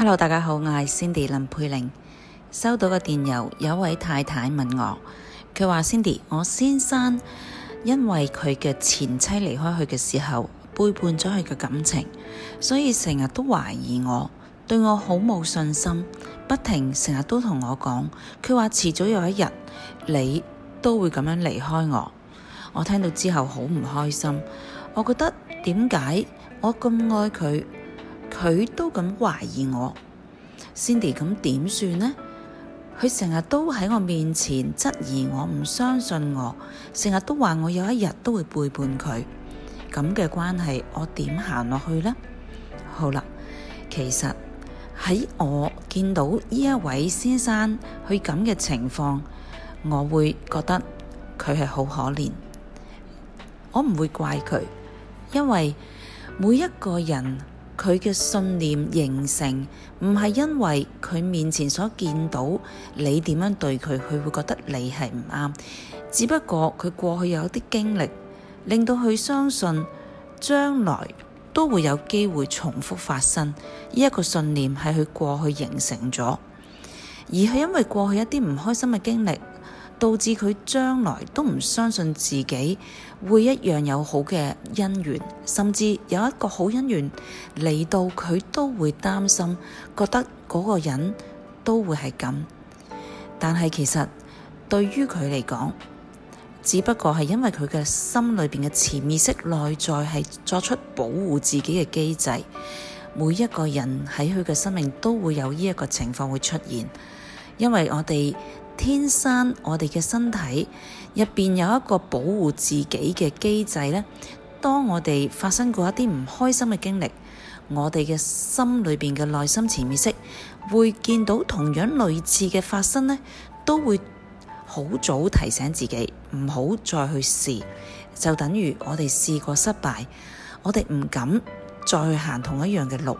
Hello，大家好，我係 Cindy 林佩玲。收到個電郵，有位太太問我，佢話 Cindy，我先生因為佢嘅前妻離開佢嘅時候背叛咗佢嘅感情，所以成日都懷疑我，對我好冇信心，不停成日都同我講，佢話遲早有一日你都會咁樣離開我。我聽到之後好唔開心，我覺得點解我咁愛佢？佢都咁懷疑我，Cindy，咁點算呢？佢成日都喺我面前質疑我，唔相信我，成日都話我有一日都會背叛佢。咁嘅關係，我點行落去呢？好啦，其實喺我見到呢一位先生佢咁嘅情況，我會覺得佢係好可憐，我唔會怪佢，因為每一個人。佢嘅信念形成唔係，因為佢面前所見到你點樣對佢，佢會覺得你係唔啱。只不過佢過去有一啲經歷，令到佢相信將來都會有機會重複發生。呢一個信念係佢過去形成咗，而係因為過去一啲唔開心嘅經歷。導致佢將來都唔相信自己會一樣有好嘅姻緣，甚至有一個好姻緣嚟到佢都會擔心，覺得嗰個人都會係咁。但係其實對於佢嚟講，只不過係因為佢嘅心裏邊嘅潛意識內在係作出保護自己嘅機制。每一個人喺佢嘅生命都會有呢一個情況會出現，因為我哋。天生我哋嘅身體入邊有一個保護自己嘅機制呢，當我哋發生過一啲唔開心嘅經歷，我哋嘅心裏邊嘅內心潛意識會見到同樣類似嘅發生呢，都會好早提醒自己唔好再去試，就等於我哋試過失敗，我哋唔敢再行同一樣嘅路。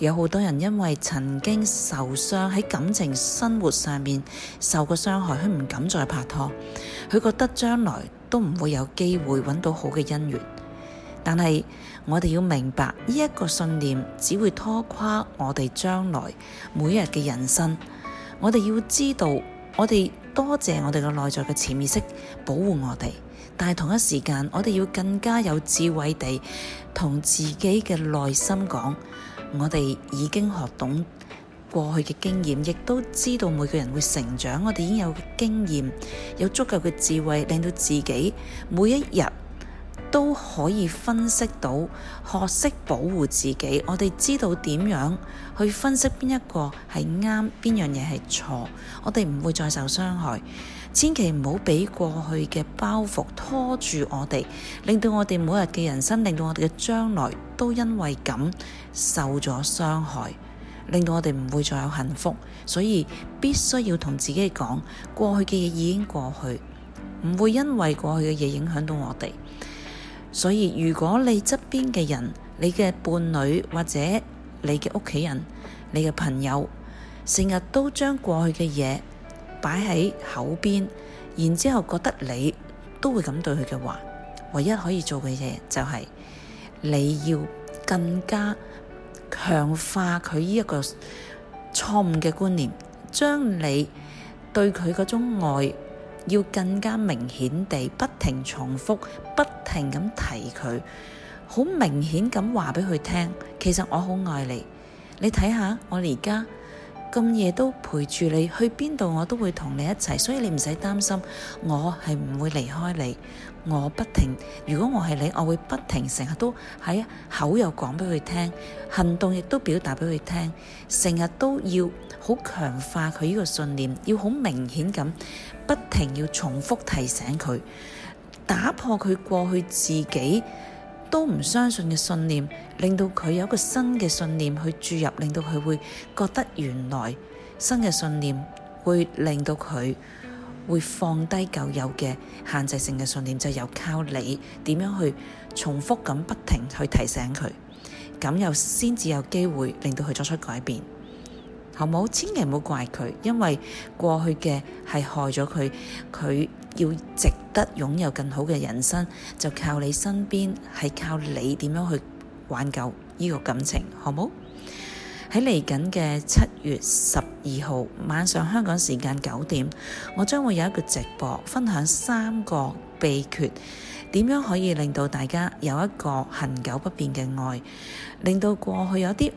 有好多人因為曾經受傷，喺感情生活上面受過傷害，佢唔敢再拍拖，佢覺得將來都唔會有機會揾到好嘅姻緣。但係，我哋要明白呢一個信念，只會拖垮我哋將來每日嘅人生。我哋要知道，我哋多謝我哋嘅內在嘅潛意識保護我哋，但係同一時間，我哋要更加有智慧地同自己嘅內心講。我哋已經學懂過去嘅經驗，亦都知道每個人會成長。我哋已經有經驗，有足夠嘅智慧，令到自己每一日，都可以分析到，學識保護自己。我哋知道點樣去分析邊一個係啱，邊樣嘢係錯。我哋唔會再受傷害，千祈唔好俾過去嘅包袱拖住我哋，令到我哋每日嘅人生，令到我哋嘅將來都因為咁受咗傷害，令到我哋唔會再有幸福。所以必須要同自己講，過去嘅嘢已經過去，唔會因為過去嘅嘢影響到我哋。所以，如果你側邊嘅人，你嘅伴侶或者你嘅屋企人，你嘅朋友，成日都將過去嘅嘢擺喺口邊，然之後覺得你都會咁對佢嘅話，唯一可以做嘅嘢就係、是、你要更加強化佢呢一個錯誤嘅觀念，將你對佢嗰種愛。要更加明顯地不停重複，不停咁提佢，好明顯咁話畀佢聽：「其實我好愛你，你睇下我而家，咁夜都陪住你，去邊度我都會同你一齊，所以你唔使擔心，我係唔會離開你。我不停，如果我係你，我會不停，成日都喺口又講俾佢聽，行動亦都表達俾佢聽，成日都要好強化佢呢個信念，要好明顯咁，不停要重複提醒佢，打破佢過去自己。都唔相信嘅信念，令到佢有一個新嘅信念去注入，令到佢會覺得原來新嘅信念會令到佢會放低舊有嘅限制性嘅信念，就是，由靠你點樣去重複咁不停去提醒佢，咁又先至有機會令到佢作出改變，好唔好？千祈唔好怪佢，因為過去嘅係害咗佢，佢要直。得擁有更好嘅人生，就靠你身邊，係靠你點樣去挽救呢個感情，好冇？喺嚟緊嘅七月十二號晚上香港時間九點，我將會有一個直播，分享三個秘訣，點樣可以令到大家有一個恒久不變嘅愛，令到過去有啲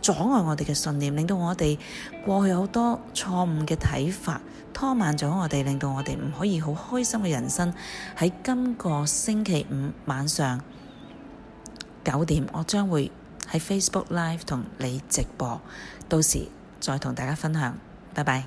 阻礙我哋嘅信念，令到我哋過去好多錯誤嘅睇法，拖慢咗我哋，令到我哋唔可以好開心嘅人生。喺今個星期五晚上九點，我將會喺 Facebook Live 同你直播，到時再同大家分享。拜拜。